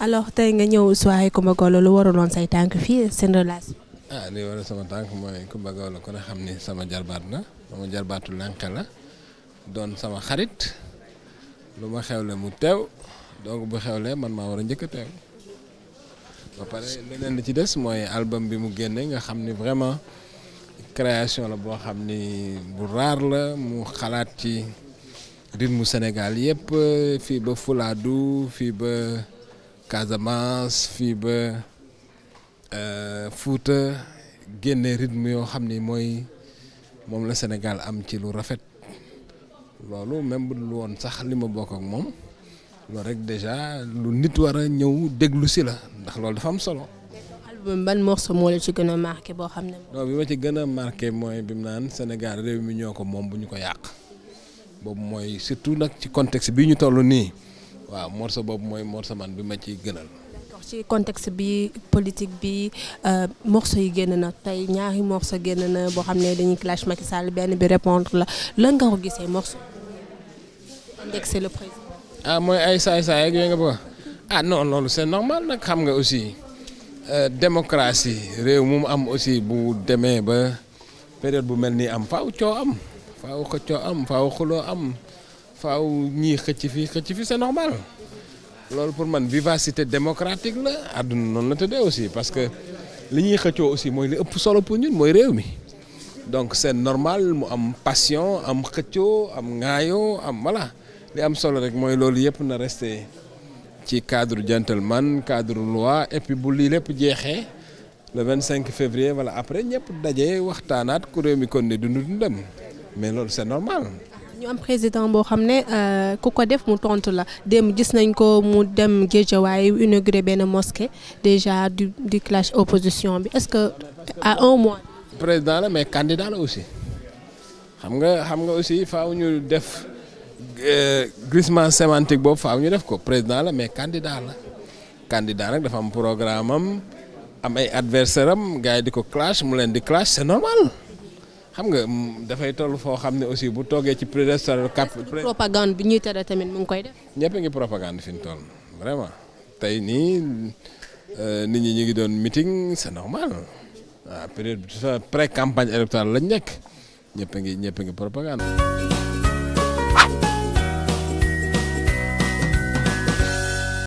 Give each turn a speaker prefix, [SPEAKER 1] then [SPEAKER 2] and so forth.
[SPEAKER 1] alors tey nga ñëw Soirée Coumba Gawlo lu waraloon say tànk fii seen relation.
[SPEAKER 2] ah li waral sama tànk mooy Coumba Gawlo ko na xam ni sama jarbaat na sama jarbaatu lànk la doon sama xarit lu ma xewle mu teew donc bu xewlee man maa war njëkk teew. mooy album bi mu génne nga xam ni vraiment. création la boo xam ni bu raar la mu xalaat ci rythme Sénégal yëpp fii ba Fulaadu fii ba Casamance fii ba euh, Fuuta génne rythme yoo xam ni mooy moom la Sénégal am ci lu rafet loolu même bu woon sax li ma bokk ak moom loolu rek déjà lu nit war a ñëw déglu si la ndax loolu dafa am solo.
[SPEAKER 1] album ban morceau moo la ci gën a marqué boo xam ne.
[SPEAKER 2] non bi ma ci gën a marqué mooy bi mu naan Sénégal réew mi ñoo ko moom bu ñu ko yàq boobu mooy surtout nag ci contexte bi ñu toll nii waaw morceau boobu mooy morceau man bi ma ci gënal.
[SPEAKER 1] ci contexte bi politique bi euh, morceau yi génn na tey ñaari morceau génn na boo xam ne dañuy clash Macky Sall benn bi répondre la lan nga ko gisee morceau. indexé le président.
[SPEAKER 2] ah mooy ay saay saay ak yooyu nga ko ah non loolu c'est normal nag xam nga aussi. Euh, démocratie réew mu mu am aussi bu demee ba période bu mel nii am faaw coo am faaw am faaw xuloo am faaw ñii xëcc fi xëcc fi c'est normal loolu pour man vivacité démocratique la àdduna noonu la tëddee aussi parce que li ñuy xëccoo aussi mooy li ëpp solo pour mooy réew mi donc c'est normal mu am passion am xëccoo am ŋaayoo am voilà li am solo rek mooy loolu yëpp na rester. ci cadre gentleman cadre loi et bu lii lépp jeexee le 25 février wala après ñëpp daje waxtaanaat ku réew mi kon ne dundu dundam mais loolu c'est normal.
[SPEAKER 1] ñu am président boo xam ne euh, ku ko def mu tontu la dem gis nañ ko mu dem Guédiawaye inauguré benn mosquée déjà di du clash opposition bi est-ce que à un mois.
[SPEAKER 2] président la mais candidat la aussi xam nga aussi faaw ñu def. Euh, glissement sémantique boobu faaw ñu def ko président la mais candidat la candidat nag dafa am programme am am ay adversaire am gars yi di ko clash mu leen di clash c'est normal xam nga mm, dafay toll foo xam ne aussi bu toogee ci président cap.
[SPEAKER 1] propagande bi ñuy tere tamit mu ngi koy def.
[SPEAKER 2] ñëpp ngi propagande fi ñu toll tey nii euh, nit ñi ñu ngi doon meeting c'est normal waaw ah, période campagne électorale lañ nekk ñëpp ngi ñëpp ngi propagande.